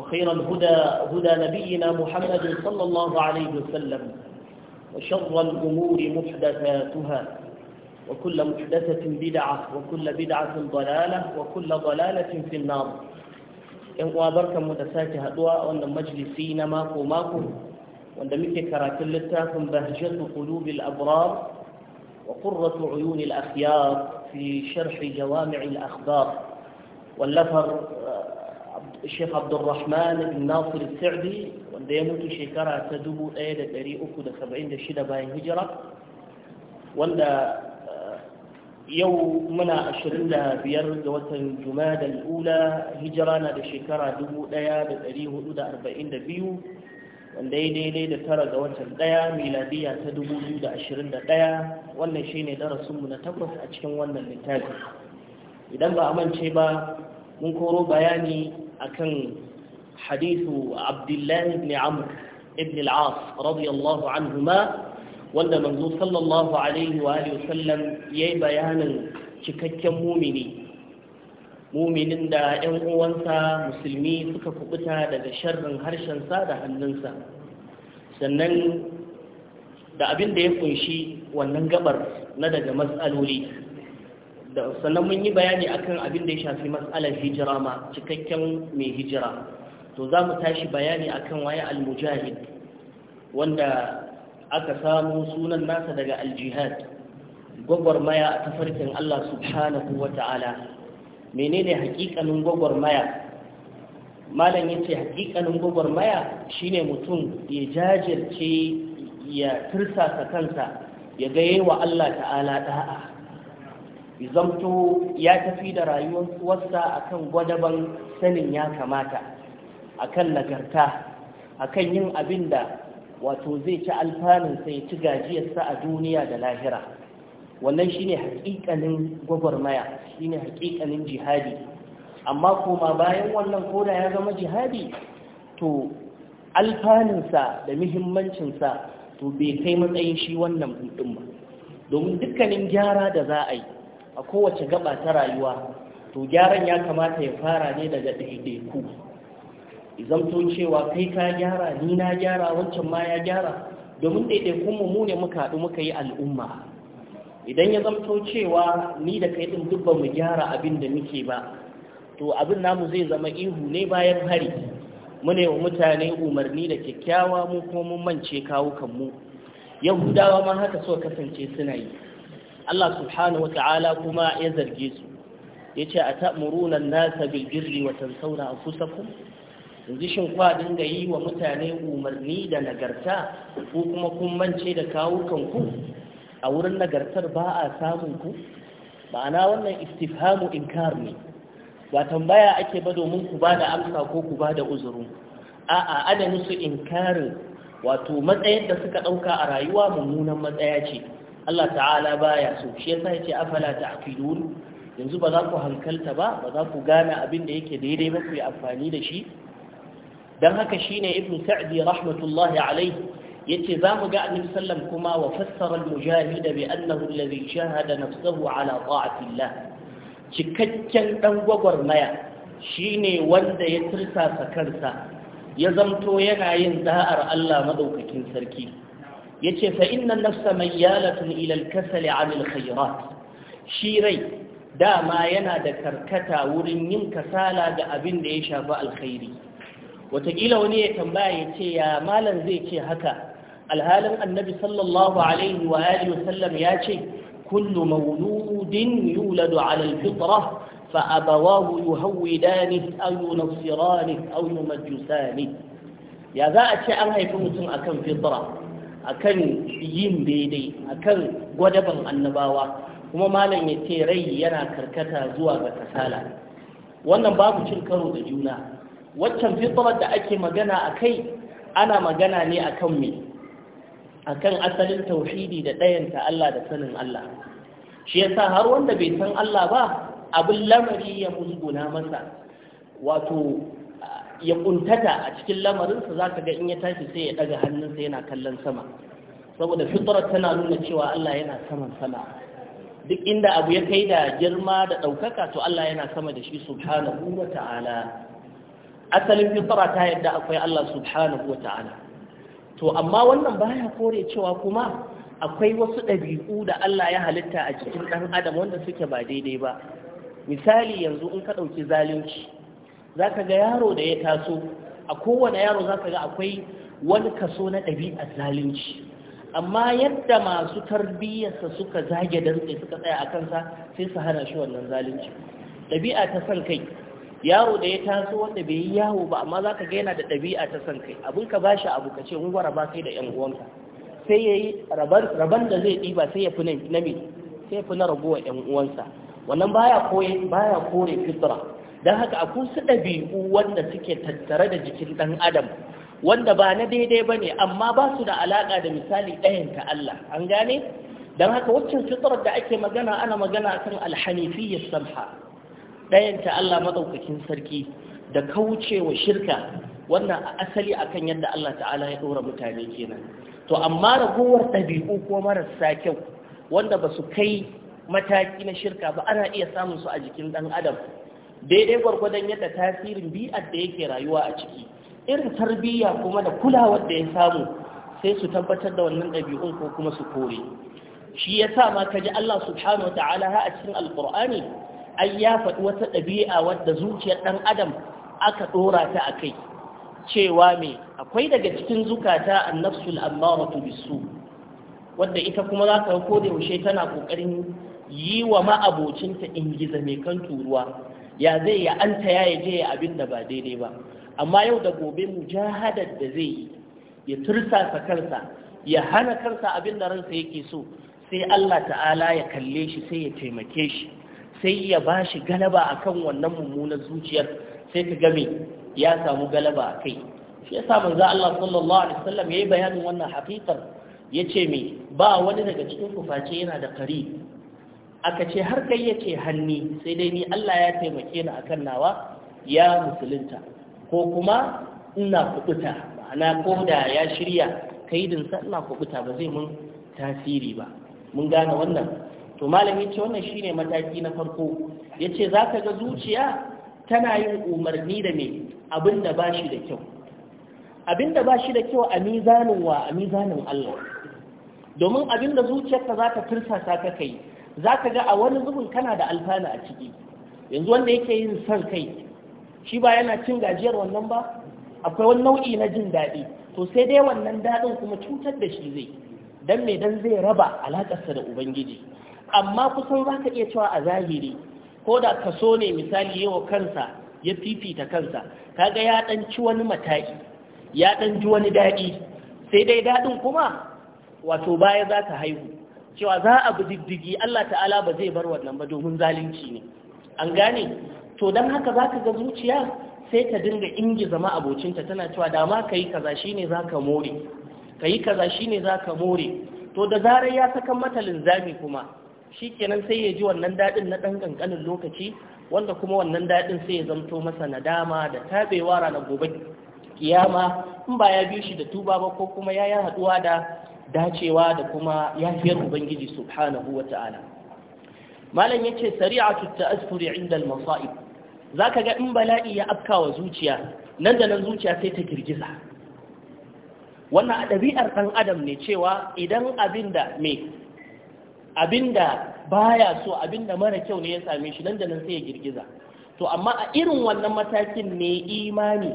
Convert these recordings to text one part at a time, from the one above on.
وخير الهدى هدى نبينا محمد صلى الله عليه وسلم وشر الأمور محدثاتها وكل محدثة بدعة وكل بدعة ضلالة وكل ضلالة في النار إن وابرك مدساك هدواء وأن مجلسين ماكو ماكو وأن مكك راكلتاكم بهجة قلوب الأبرار وقرة عيون الأخيار في شرح جوامع الأخبار واللفر Sheikh Abdulrahman bin Nasir Sa'di ya mutu shekara ta 1376 bayan hijira wanda eh, yau muna 25 ga watan Jumada al-Ula hijira na da shekara 1442 wanda ya daidai da tara ga watan ɗaya miladiya ta 2021 wannan shine darasinmu na takwas a cikin wannan littafi idan ba a mance ba mun koro bayani akan hadithu abdullahi ibn amr ibn al-as radiyallahu anhuma wanda manzo sallallahu alaihi wa alihi wasallam yayi bayanin cikakken mumini muminin da 'yan uwansa musulmi suka kubuta daga sharrin harshensa da hannunsa sannan da abin da ya kunshi wannan gabar na daga matsaloli da sannan mun yi bayani akan abin da ya shafi mas'alar hijira ma cikakken mai hijira to za mu tashi bayani akan waye al-mujahid wanda aka samu sunan nasa daga al-jihad gwagwarmaya a tafarkin Allah subhanahu wa ta'ala menene hakikanin gwagwarmaya malam yace hakikanin gwagwarmaya shine mutum ya jajirce ya tursasa kansa ya ga wa Allah ta'ala da'a zamto ya tafi da rayuwar a akan gwadaban sanin ya kamata akan nagarta akan yin abin da wato zai ci alfanunsa ya ci gajiyarsa a duniya da lahira wannan shine haƙiƙanin gwagwarmaya ne haƙiƙanin jihadi amma koma bayan wannan koda ya zama jihadi to alfanunsa da muhimmancinsa to bai kai matsayin shi wannan ba domin dukkanin gyara da za a yi a kowace gaba ta rayuwa to gyaran ya kamata ya fara ne daga ɗaiɗaiku to cewa kai ka gyara ni na gyara wancan ma ya gyara domin ɗaiɗaikunmu mu ne muka haɗu muka yi al'umma idan ya zamto cewa ni da kai ɗin duk ba mu gyara abin da muke ba to abin namu zai zama ihu ne bayan hari mu wa mutane umarni da kyakkyawa mu kuma mun mance mu yahudawa ma haka so kasance suna yi Allah subhanahu wata'ala kuma ya zarge su Ya yace taɓa an-nasa watan saura a kusa ku? yanzu shin kwa dinga yi wa mutane umarni da nagarta ko kuma kun mance da kawukanku a wurin nagartar ba a samun ku ma'ana wannan istifhamu inkar ne ba tambaya ake ba domin ku ba da amsa ko ku ba da uzurin a'a ana musu inkarin wato matsayin da suka ɗauka a rayuwa mummunan matsaya ce Allah ta'ala baya so shi yasa yace afala ta'qilun yanzu ba za ku hankalta ba ba za ku gane abin da yake daidai ba ku yi amfani da shi dan haka shine ibnu sa'di rahmatullahi alayhi yace za mu ga annabi sallam kuma wa fassara al-mujahid bi annahu alladhi shahada nafsahu ala ta'atillah cikakken dan gwagwarmaya shine wanda ya tirsasa kansa ya zamto yana yin da'ar Allah madaukakin sarki yace fa inna nafsa mayyalatun ila al-kasal 'an al-khayrat shi rai dama yana da karkata wurin yin kasala ga abin da ya shafi alkhairi wataƙila wani ya tambaya ya ce ya malam zai ce haka alhalin annabi sallallahu alaihi wa alihi wasallam ya ce kullu mauludin yuladu ala fitra fa abawahu yuhawidani aw yunassirani aw yumajjusani ya za a ce an haifi mutum akan fitra akan yin daidai akan gwadaban annabawa kuma malam ya ce rai yana karkata zuwa ga kasala wannan babu cin karo da juna waccan fitrar da ake magana a kai ana magana ne a kan me akan asalin tauhidi da ɗayanta Allah da sanin Allah shi yasa har wanda bai san Allah ba abin lamari ya musguna masa wato ya kuntata a cikin lamarinsa za ka ga in ya tashi sai ya ɗaga hannunsa yana kallon sama saboda fitarar tana nuna cewa Allah yana saman sama duk inda abu ya kai da girma da ɗaukaka to Allah yana sama da shi subhanahu wa ta'ala asalin fitara ta yadda akwai Allah subhanahu wa ta'ala to amma wannan baya kore cewa kuma akwai wasu ɗabi'u da Allah ya halitta a cikin ɗan adam wanda suke ba daidai ba misali yanzu in ka ɗauki zalunci za ka ga yaro da ya taso a kowane yaro za ka ga akwai wani kaso na ɗabi'ar zalunci amma yadda masu tarbiyyarsa suka zage dantse suka tsaya a kansa sai su hana shi wannan zalunci ɗabi'a ta san kai yaro da ya taso wanda bai yi yawo ba amma za ka ga yana da ɗabi'a ta san kai abin ka ba shi abu ka ce ngwara ba sai da ƴan uwanka sai ya yi raban da zai ɗiba sai ya fi na sai ya fi na raguwa ƴan uwansa wannan baya baya kore fitra don haka akwai su ɗabi'u wanda suke tattare da jikin ɗan adam wanda ba na daidai ba ne amma ba su da alaƙa da misali ɗayan ta Allah an gane don haka waccan fitrar da ake magana ana magana kan alhanifiyyar samha ɗayan ta Allah maɗaukakin sarki da kaucewa shirka wannan asali akan yadda Allah ta'ala ya ɗora mutane kenan to amma ragowar ɗabi'u ko marasa kyau wanda ba su kai mataki na shirka ba ana iya samun su a jikin ɗan adam daidai gwargwadon yadda tasirin bi'ar da yake rayuwa a ciki irin tarbiyya kuma da kulawar da ya samu sai su tabbatar da wannan ɗabi'un ko kuma su kore shi ya sa ma kaji Allah subhanahu wa ta'ala ha a cikin alƙur'ani ai ya faɗi wata ɗabi'a wadda zuciyar ɗan adam aka ɗora ta a kai cewa me akwai daga cikin zukata annafsul ammaratu bisu wadda ita kuma za ka ko da yaushe tana ƙoƙarin yi wa ma'abocinta ingiza mai kan turuwa ya zai ya anta ya ya je ya abin da ba daidai ba amma yau da gobe mujahadar da zai yi ya tursasa kansa ya hana kansa abin da ransa yake so sai Allah ta'ala ya kalle shi sai ya taimake shi sai ya ba shi galaba akan wannan mummunan zuciyar sai ka game ya samu galaba a kai shi yasa manzo Allah sallallahu alaihi wasallam yayi bayanin wannan ya ce me ba wani daga cikin kuface yana da qari aka ce har kai yake hanni sai dai ni Allah ya taimake ni akan nawa ya musulunta ko kuma ina kubuta ma'ana ko da ya shirya kaidinsa ina kubuta ba zai mun tasiri ba mun gane wannan to malami ce wannan shine mataki na farko yace zaka ga zuciya tana yin umarni da me abinda bashi da kyau abinda bashi da kyau a mizanin wa a mizanin Allah domin abinda zuciyarka za ta tursasa ka kai za ka ga a wani zubin kana da alfana a ciki yanzu wanda yake yin son kai shi ba yana cin gajiyar wannan ba akwai wani nau'i na jin daɗi to sai dai wannan daɗin kuma cutar da shi zai dan me dan zai raba alaƙarsa da ubangiji amma kusan za ka iya cewa a zahiri ko da kaso ne misali yawa kansa ya fifita kansa kaga ya ɗan ci wani mata'i ya ɗan ji wani daɗi sai dai daɗin kuma wato baya za ta haihu cewa za a bi diddigi Allah ta'ala ba zai bar wannan ba domin zalunci ne an gane to don haka za ka ga zuciya sai ta dinga ingi zama abocinta tana cewa dama ka yi kaza shi ne za ka more ka kaza shi ne za ka more to da zarar ya sakan mata linzami kuma shi kenan sai ya ji wannan daɗin na ɗan ƙanƙanin lokaci wanda kuma wannan daɗin sai ya zamto masa nadama da taɓewa ranar gobe kiyama in ba ya biyo shi da tuba ba ko kuma ya yi haɗuwa da dacewa da kuma yafiyar ubangiji subhanahu wa ta'ala malam yace sari'atu ta'assuri 'inda al-masa'ib zaka ga in bala'i ya afka wa zuciya nan da nan zuciya sai ta girgiza wannan a ɗabi'ar ɗan adam ne cewa idan abinda me abinda baya so abinda mara kyau ne ya same shi nan da nan sai ya girgiza to amma a irin wannan matakin ne imani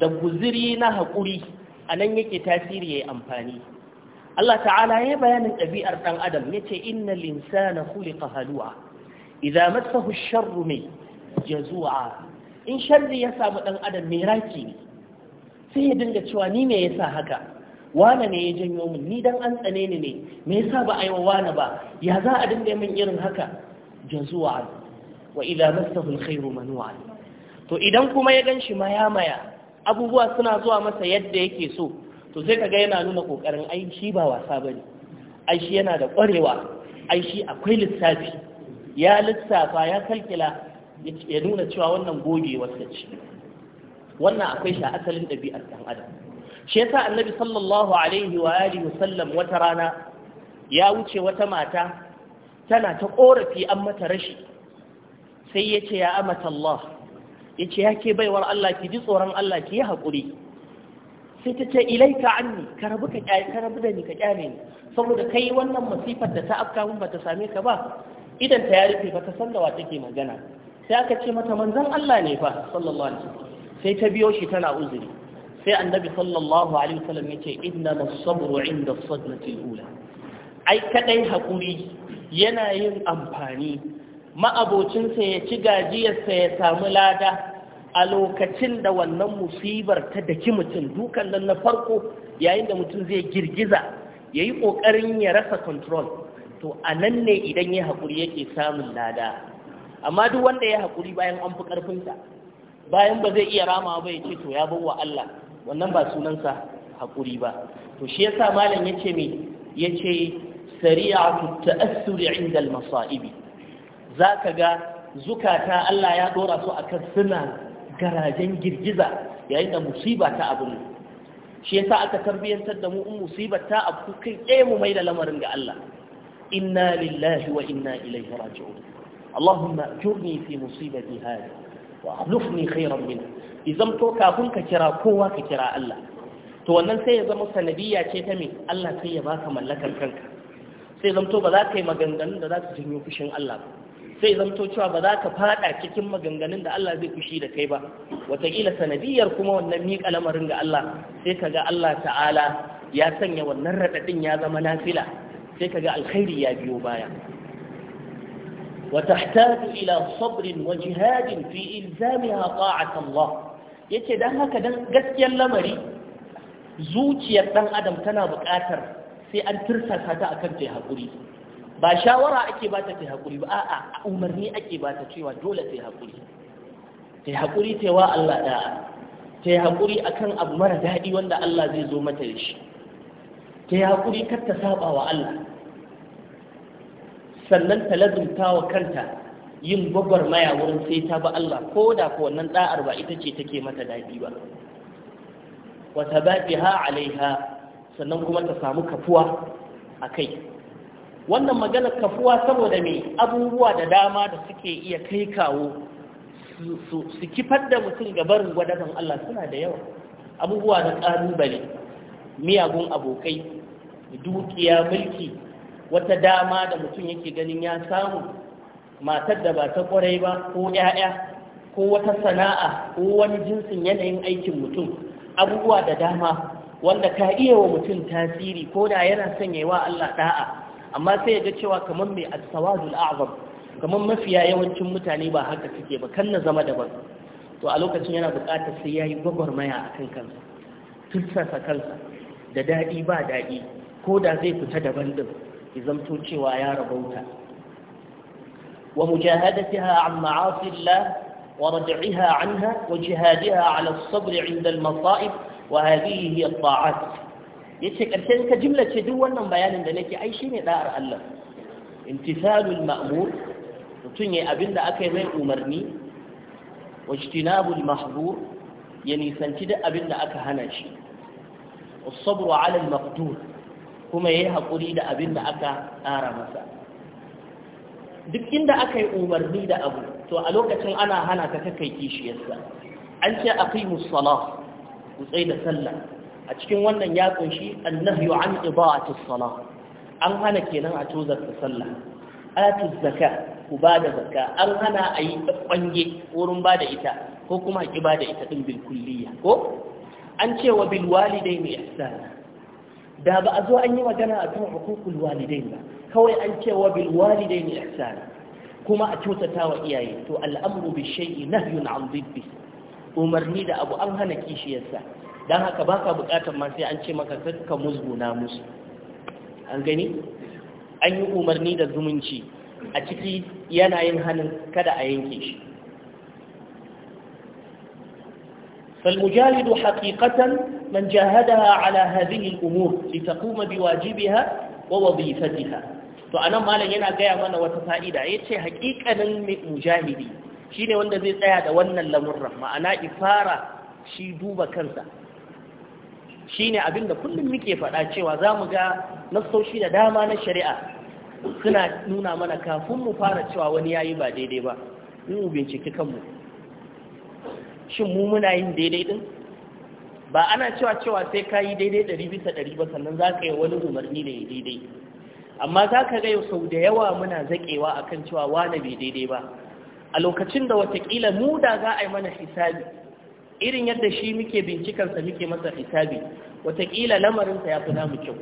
da guziri na haƙuri a nan yake tasiri ya yi amfani Allah ta'ala ya bayanin ɗabi'ar ɗan adam ya ce inna linsana khuliqa halu'a idza massahu sharru mai jazu'a in sharri ya samu ɗan adam mai raki ne sai ya dinga cewa ni me yasa haka wane ne ya janyo min ni dan an tsane ni ne me yasa ba wa wane ba ya za a dinga min irin haka jazu'a wa idza massahu alkhairu manu'a to idan kuma ya ganshi maya maya abubuwa suna zuwa masa yadda yake so to sai kaga yana nuna kokarin ai shi ba wasa bane ai shi yana da ƙwarewa. ai shi akwai lissafi ya lissafa ya kalkila ya nuna cewa wannan goge wasa ce wannan akwai shi asalin ɗabi'ar ɗan adam shi yasa annabi sallallahu alaihi wa alihi wasallam wata rana ya wuce wata mata tana ta korafi an mata rashi sai ya ce ya amata Allah ya ce ya ke baiwar Allah ki ji tsoron Allah ki yi haƙuri sai ta ce ilaika anni ka rabu ka kyale ka rabu da ni ka kyale ni saboda kai wannan masifar da ta afka mun bata same ka ba idan ta ya rufe bata san da wa take magana sai aka ce mata manzon Allah ne fa sallallahu alaihi wasallam sai ta biyo shi tana uzuri sai annabi sallallahu alaihi wasallam yace inna as-sabru 'inda as-sadmati al-ula ai kadai hakuri yana yin amfani ma'abocinsa ya ci gajiyarsa ya samu lada a lokacin da wannan musibar ta daki mutum dukan nan na farko yayin da mutum zai girgiza ya yi ƙoƙarin ya rasa control to a nan ne idan ya haƙuri yake samun lada amma duk wanda ya haƙuri bayan an fi ƙarfinsa bayan ba zai iya rama ba ya ce to ya bawa Allah wannan ba sunansa haƙuri ba to shi yasa malam ya ce me ya ce sari'atu ta'assuri inda al-masa'ibi zaka ga zukata Allah ya dora su akan suna garajen girgiza yayin da musiba ta abin shi yasa aka tarbiyantar da mu in musiba ta abu kai tsaye mu mai da lamarin ga Allah inna lillahi wa inna ilaihi raji'un Allahumma ajurni fi musibati hadi wa akhlifni khayran minha idan to kafin ka kira kowa ka kira Allah to wannan sai ya zama sanadiyya ce ta me Allah sai ya baka mallakar kanka sai zamto ba za ka yi maganganun da za su janyo fushin Allah ba Zai zamto cewa ba za ka fada cikin maganganun da Allah zai kushi da kai ba wataƙila sanadiyar kuma wannan miƙa lamarin ga Allah sai ka ga Allah ta'ala ya sanya wannan raɗaɗin ya zama nafila sai ka ga alkhairi ya biyo baya wa tahtaju ila sabrin wa jihadin fi a ta'at Allah yace dan haka dan gaskiyar lamari zuciyar dan adam tana buƙatar sai an tursasa ta akan ta hakuri ba shawara ake ba ta ta haƙuri ba a'a umarni ake ba ta cewa dole ta haƙuri ta haƙuri ta wa Allah da ta haƙuri akan abu mara daɗi wanda Allah zai zo mata da shi ta haƙuri kar ta saba wa Allah sannan ta lazumta wa kanta yin maya wurin sai ta ba Allah ko da ko wannan da'ar ba ita ce take mata daɗi ba wata ba ha alaiha sannan kuma ta samu kafuwa a kai wannan magana kafuwa saboda mai abubuwa da dama da suke iya kai kawo su kifar da mutum gabarin gwadaban Allah suna da yawa abubuwa na ƙalubale miyagun abokai dukiya mulki wata dama da mutum yake ganin ya samu matar da ba ta kwarai ba ko 'ya'ya ko wata sana'a ko wani jinsin yanayin aikin mutum abubuwa da dama wanda ka iya wa mutum tasiri ko da yana son yi wa Allah da'a amma sai yaga cewa kaman mai as-sawadul a'zam kaman mafiya yawancin mutane ba haka suke ba kan na zama daban to a lokacin yana buƙatar sai yayi gwagwarmaya akan kansa tursasa kansa da dadi ba dadi ko da zai fita daban din ya zamto cewa ya rabauta wa mujahadatiha an ma'asi Allah wa wa rad'iha anha 'ala as-sabr 'inda al-masa'ib wa hadhihi hiya at-ta'at yace karshen ka jimlace duk wannan bayanin da nake ai shine da'ar Allah intisalul ma'mur mutun yayi abinda aka yi mai umarni wajtinabul mahzur ya nisanci duk abinda aka hana shi as 'ala al-maqdur kuma yayi hakuri da abinda aka tsara masa duk inda aka yi umarni da abu to a lokacin ana hana ka kai kishiyarsa an ce aqimus salah ku tsaya da sallah a cikin wannan ya kunshi annahyu an ida'ati as-salah an hana kenan a tozar ta sallah ayatu zakka ku bada da zakka an hana a yi kwange wurin bada ita ko kuma a ki ita din bil kulliya ko an ce wa bil walidaini ihsana da ba a zo an yi magana a kan hukukul walidain ba kawai an ce wa bil walidaini ihsana kuma a kyautata wa iyaye to al'amru bi shay'i nahyun an dibbi umarni da abu an hana kishiyarsa dan haka baka bukatar ma sai an ce maka kanka muzguna musu an gani an yi umarni da zumunci a ciki yanayin hannun kada a yanke shi فالمجاهد حقيقة من جاهدها على هذه الأمور لتقوم بواجبها ووظيفتها فأنا ما لن ينقيا منا وتفائدا يتشي حقيقة من مجاهدي شيني وانده زي سيادة وانا ما أنا إفارة شي كنسة shine abin da kullum muke faɗa cewa za mu ga nassoshi da dama na shari'a suna nuna mana kafin mu fara cewa wani yi ba daidai ba mu binciki kanmu shin mu muna yin daidai din ba ana cewa cewa sai ka yi daidai ɗari bisa ɗari ba sannan za ka yi wani umarni da ya daidai amma za ka ga sau da yawa muna zaƙewa akan cewa wane bai daidai ba a lokacin da watakila mu da za a yi mana hisabi irin yadda shi muke bincikansa muke masa hisabi wataƙila lamarinsa ya fi namu kyau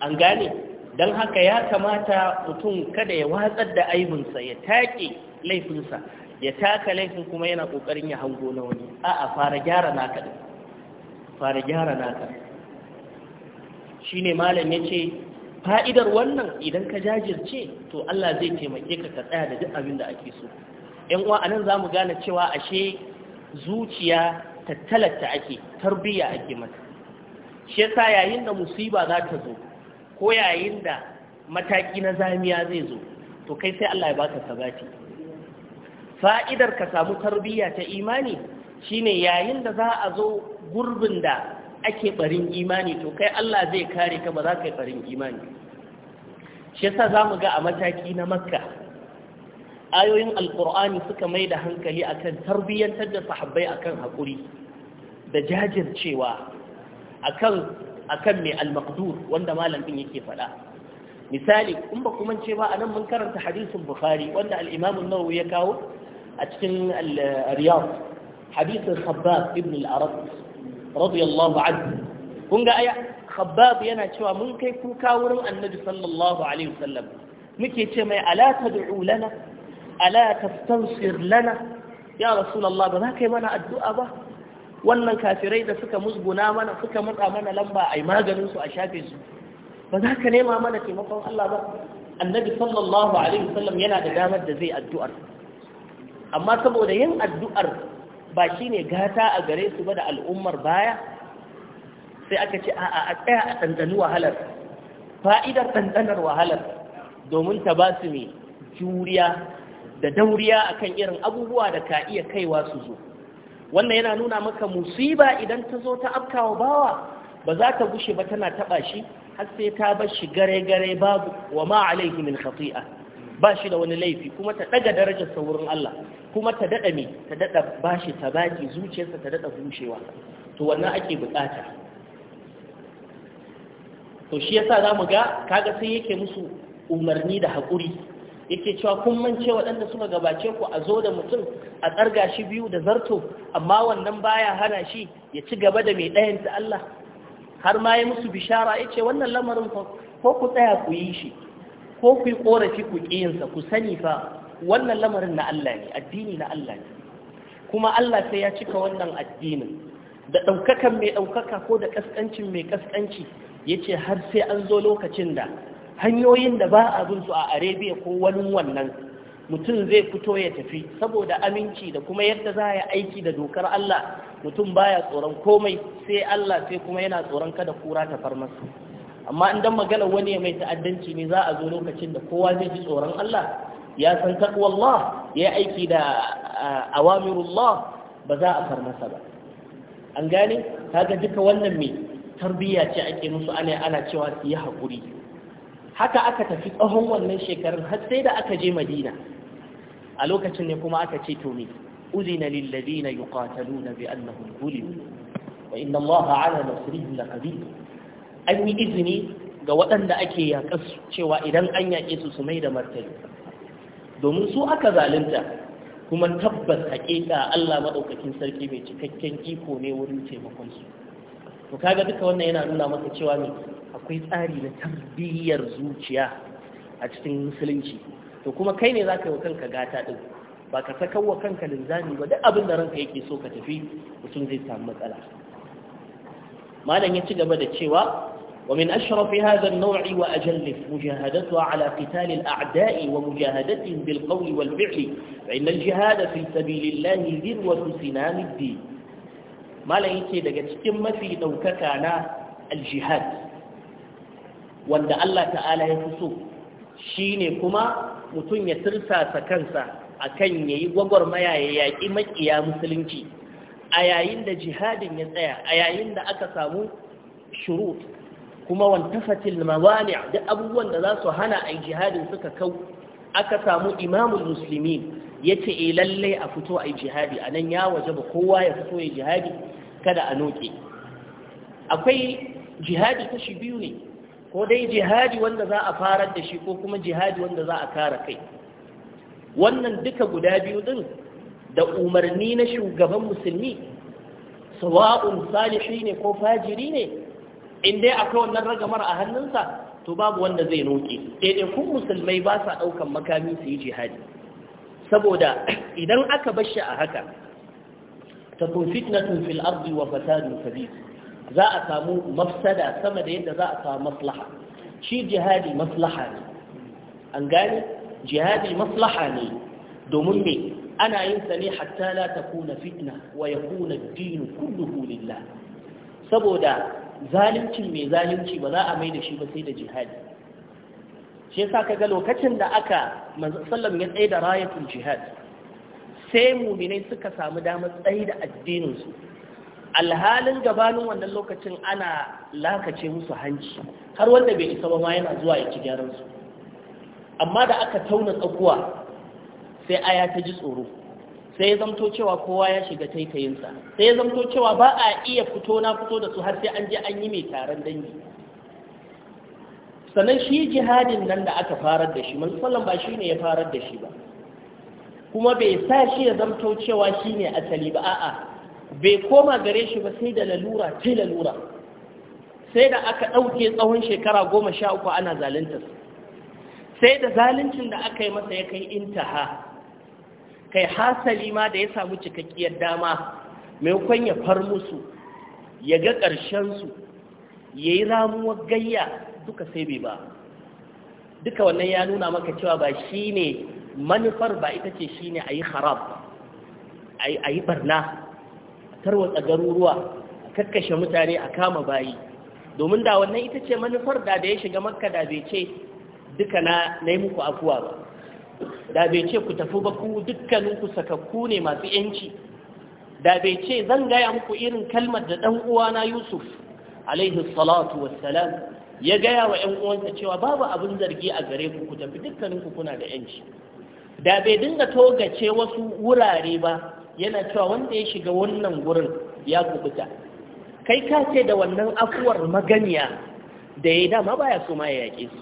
an gane don haka ya kamata mutum kada ya watsar da aibinsa ya take laifinsa ya taka laifin kuma yana ƙoƙarin ya hango na wani a'a fara gyara naka fara gyara naka shi ne malam ya ce fa'idar wannan idan ka jajirce to Allah zai taimake ka ka tsaya da duk abin da ake so ‘yan uwa nan za mu gane cewa ashe zuciya tattalata ake tarbiyya ake mata shi yasa yayin da musiba za ta zo ko yayin da mataki na zamiya zai zo to kai sai Allah ya baka sabati fa'idar ka samu tarbiyya ta imani shine yayin da za a zo gurbin da ake barin imani to kai Allah zai kare ka ba za ka yi barin imani shi yasa zamu ga a mataki na makka ayoyin alkur'ani suka mai da hankali akan tarbiyyantar da sahabbai akan haƙuri da jajircewa akan mai al-maqdur wanda malam yake faɗa misali in ba kuma ce ba anan mun karanta hadisin bukhari wanda al-imam nawawi ya kawo a cikin al-riyad hadisin khabbab ibn al-arab radiyallahu anhu kun ga aya khabbab yana cewa mun kai kuka wurin annabi sallallahu alaihi wasallam muke ce mai ala tad'u lana ala tastansir lana ya rasulullah ba za ka yi mana addu'a ba wannan kafirai da suka musguna mana suka matsa mana lamba a maganin maganinsu a shafe su ba za ka nema mana taimakon Allah ba annabi sallallahu alaihi wasallam yana da damar da zai addu'ar amma saboda yin addu'ar ba shine gata a gare su ba da al'ummar baya sai aka ce a a tsaya a ɗanɗani wahalar fa'idar ɗanɗanar wahalar domin ta ba su ne juriya da dauriya akan irin abubuwa da ka iya kaiwa su zo wannan yana nuna maka musiba idan ta zo ta afkawa bawa ba za ta gushe ba tana taɓa shi har sai ta bar shi gare gare babu wa ma alaihi min khati'a ba shi da wani laifi kuma ta daga darajar saurin Allah kuma ta dada me ta dada bashi ta baki zuciyarsa ta daɗa bushewa to wannan ake bukata to shi za mu ga kaga sai yake musu umarni da haƙuri yake cewa kun mance waɗanda suka gabace ku a zo da mutum a tsarga shi biyu da zarto amma wannan baya hana shi ya ci gaba da mai ɗayan ta Allah har ma ya musu bishara ya ce wannan lamarin ko ku tsaya ku yi shi ko ku yi ƙorafi ku ƙiyinsa ku sani fa wannan lamarin na Allah ne addini na Allah ne kuma Allah sai ya cika wannan addinin da ɗaukakan mai ɗaukaka ko da ƙasƙancin mai ƙasƙanci yace har sai an zo lokacin da hanyoyin da ba a bin su a arabia ko wani wannan mutum zai fito ya tafi saboda aminci da kuma yadda za a aiki da dokar Allah mutum baya tsoron komai sai Allah sai kuma yana tsoron kada kura ta far amma in dan magana wani mai ta'addanci ne za a zo lokacin da kowa zai ji tsoron Allah ya san Allah ya aiki da ah, awamirullah ba za a far ba an gane kaga duka wannan me tarbiyya ce ake musu ana ana cewa su yi haka aka tafi tsawon wannan shekarun har sai da aka je madina a lokacin ne kuma aka ce to me uzina lillazina yuqataluna bi annahum zulimu wa inna allaha ala nasrihim laqadir an yi izini ga waɗanda ake yaƙar cewa idan an yaƙe su su mai da martani domin su aka zalunta kuma tabbas haƙiƙa Allah maɗaukakin sarki mai cikakken iko ne wurin taimakon su to kaga duka wannan yana nuna maka cewa ne akwai tsari na tarbiyyar zuciya a cikin musulunci to kuma kai ne za ka yi wa kanka gata ɗin ba ka saka wa kanka linzami ba duk abin da ranka yake so ka tafi mutum zai samu matsala malam ya ci gaba da cewa ومن أشرف هذا النوع وأجله مجاهدتها على قتال الأعداء ومجاهدتهم بالقول والفعل فإن الجهاد في سبيل الله ذروة سنام الدين ما لا يتي دقا تكم في نوكك الجهاد wanda Allah ta'ala ya fi so shi ne kuma mutum ya tirsasa kansa akan yayi gwagwarmaya ya yaƙi maƙiya musulunci a yayin da jihadin ya tsaya a yayin da aka samu shurut kuma wantafatil mawani duk abubuwan da za su hana a jihadin suka kau aka samu imamul musulmi ya ce e lallai a fito a jihadi a nan ya waje ba kowa ya fito ya jihadi kada a noke akwai jihadi kashi biyu ne ko dai jihadi wanda za a farar da shi ko kuma jihadi wanda za a kare kai wannan duka guda biyu din da umarni na shugaban musulmi sawa'un salihi ne ko fajiri ne in dai akwai wannan ragamar a hannunsa to babu wanda zai noke daidai kun musulmai ba sa ɗaukan makami su yi jihadi saboda idan aka bar shi a haka ta kun fitnatun fil ardi wa fasadun kabir za a samu mafsada sama da yadda za a samu maslaha shi jihadi maslaha ne an gane jihadi maslaha ne domin me ana yin sa ne hatta la takuna fitna wa yakuna ad-din kulluhu lillah saboda zaluncin mai zalunci ba za a mai da shi ba sai da jihadi shi yasa kaga lokacin da aka sallam ya tsaye da rayatul jihad sai muminai suka samu damar tsaye da addininsu alhalin gabanin wannan lokacin ana lakace musu hanci har wanda bai isa ba ma yana zuwa ya ci gyaransu amma da aka tauna tsakuwa sai aya ta ji tsoro sai ya zamto cewa kowa ya shiga taitayinsa sai ya zamto cewa ba a iya fito na fito da su har sai an je an yi mai taron dangi sannan shi jihadin nan da aka farar da shi musallan ba shi ne ya farar da shi ba kuma bai sa shi ya zamto cewa shi ne asali ba a'a bai koma gare shi ba sai da lalura ce lalura sai da aka ɗauke tsawon shekara goma sha uku ana zaluntar sai da zaluncin da aka yi masa ya kai intaha kai hasali ma da ya samu cikakkiyar dama mai ya far musu ya ga ƙarshensu ya yi ramuwar gayya duka sai bai ba duka wannan ya nuna maka cewa ba shi ne manufar ba ita ce shi ne a yi harab a yi barna tarwatsa garuruwa a kakkashe mutane a kama bayi domin da wannan ita ce manufar da da ya shiga makka da bai ce duka na na muku afuwa ba da bai ce ku tafi ba ku dukkaninku sakakku ne masu yanci da bai ce zan gaya muku irin kalmar da ɗan uwana yusuf alaihi salatu wassalam ya gaya wa ‘yan uwansa cewa babu abin zargi a gare ku ku tafi dukkaninku kuna da ‘yanci da bai dinga togace wasu wurare ba yana cewa wanda ya shiga wannan gurin ya kubuta kai ka ce da wannan afuwar maganiya da ya dama baya so ma ya yaƙe su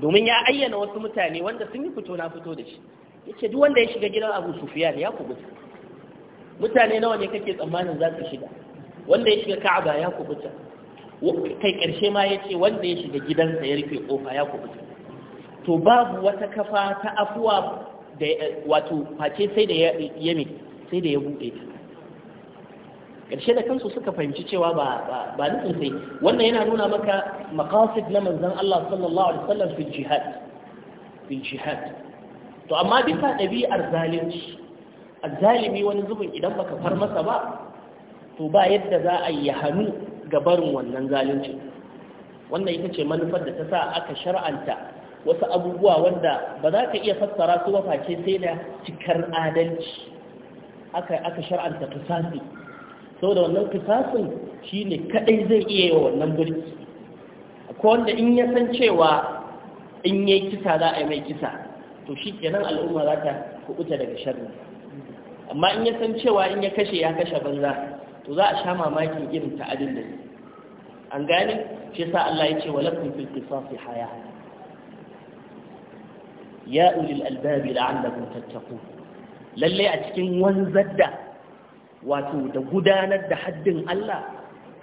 domin ya ayyana wasu mutane wanda sun yi fito na fito da shi ya ce duk wanda ya shiga gidan abu sufiyan ya kubuta mutane nawa ne kake tsammanin za su shiga wanda ya shiga ka'aba ya kubuta kai ƙarshe ma ya ce wanda ya shiga gidansa ya rufe ƙofa ya kubuta to babu wata kafa ta afuwa da wato face sai da ya me sai da ya buɗe ƙarshe da kansu suka fahimci cewa ba ba nufin sai wannan yana nuna maka maqasid na manzon Allah sallallahu alaihi wasallam fi jihad fi jihad to amma bisa ɗabi'ar zalunci azzalimi wani zubin idan baka far masa ba to ba yadda za a yi hannu ga barin wannan zalunci wannan ita ce manufar da ta sa aka shar'anta wasu abubuwa wanda ba za ka iya fassara su ba face sai da cikar adalci aka aka shar'anta kisasi da wannan kisasin ne kadai zai iya yi wa wannan birki akwai wanda in ya san cewa in yi kisa za a yi mai kisa to shi kenan al'umma za ta kubuta daga sharri amma in ya san cewa in ya kashe ya kashe banza to za a sha mamakin irin ta'adin da an gane shi yasa Allah ya ce walakum fil haya haya. ya ulil albabi la'allakum tattaqun lalle a cikin wanzar da wato da gudanar da haddin Allah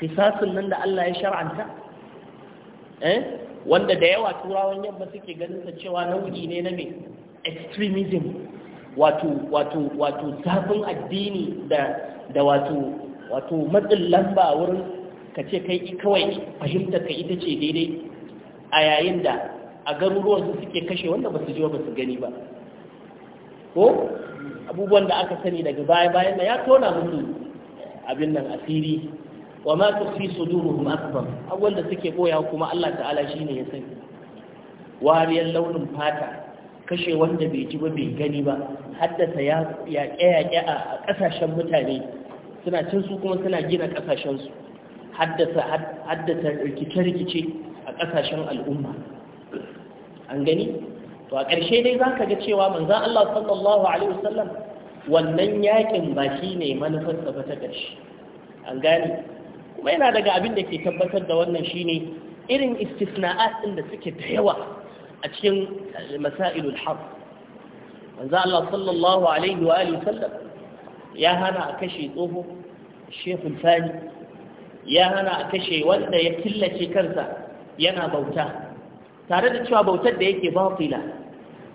kisasin nan da Allah ya shar'anta eh wanda da yawa turawan yamma suke ganin sa cewa nau'i ne na me extremism wato wato wato zafin addini da da wato wato matsin lamba wurin ka ce kai kawai fahimta ka ita ce daidai a yayin da a garuruwan su suke kashe wanda ba su ji ba su gani ba ko abubuwan da aka sani daga baya bayan ya tona musu abin nan asiri wa ma tufi ma akbar awwal da suke boya kuma Allah ta'ala shine ya sani wariyar launin fata kashe wanda bai ji ba bai gani ba haddasa ya yaƙe-yaƙe a ƙasashen mutane suna cin su kuma suna gina ƙasashensu haddasa rikice-rikice a ƙasashen al'umma an gani to a ƙarshe dai za ka ga cewa manzan Allah sallallahu alaihi wasallam wannan yakin ba shi ne manufarsa ba ta ƙarshe an gani kuma yana daga abin da ke tabbatar da wannan shi ne irin istisna'at ɗin da suke da yawa a cikin masailul harb manzo Allah sallallahu alaihi wa sallam ya hana a kashe tsoho shefin sani ya hana a kashe wanda ya killace kansa yana bauta tare da cewa bautar da yake batila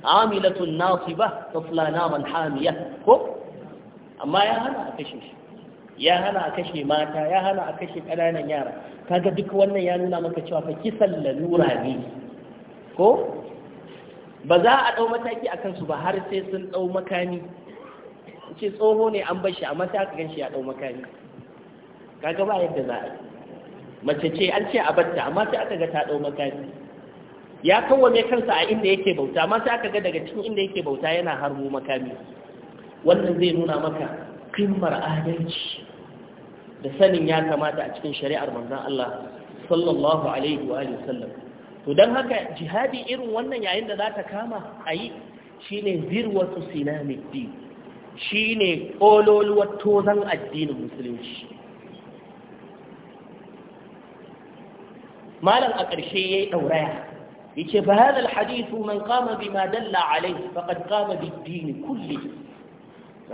amilatun nasiba tasla naman hamiya ko amma ya hana a kashe shi ya hana a kashe mata ya hana a kashe ƙananan yara kaga duk wannan ya nuna maka cewa fa kisan lalura ne ko ba za a ɗau mataki a kansu ba har sai sun ɗau makami ce tsoho ne an bar shi a sai aka gan shi ya ɗau makami kaga ba yadda za a yi mace ce an ce a batta amma sai aka ga ta ɗau makami ya kawwame kansa a inda yake bauta amma sai aka ga daga cikin inda yake bauta yana harbo makami wannan zai nuna maka kimmar adalci da sanin ya kamata a cikin shari'ar manzon Allah sallallahu alaihi wa sallam to don haka jihadi irin wannan yayin da za ta kama a yi shi ne zirwatu sinamiddi shi ne ƙololuwar tozon addinin musulunci malam a ƙarshe ya yi ɗauraya يتي فهذا الحديث من قام بما دل عليه فقد قام بالدين كله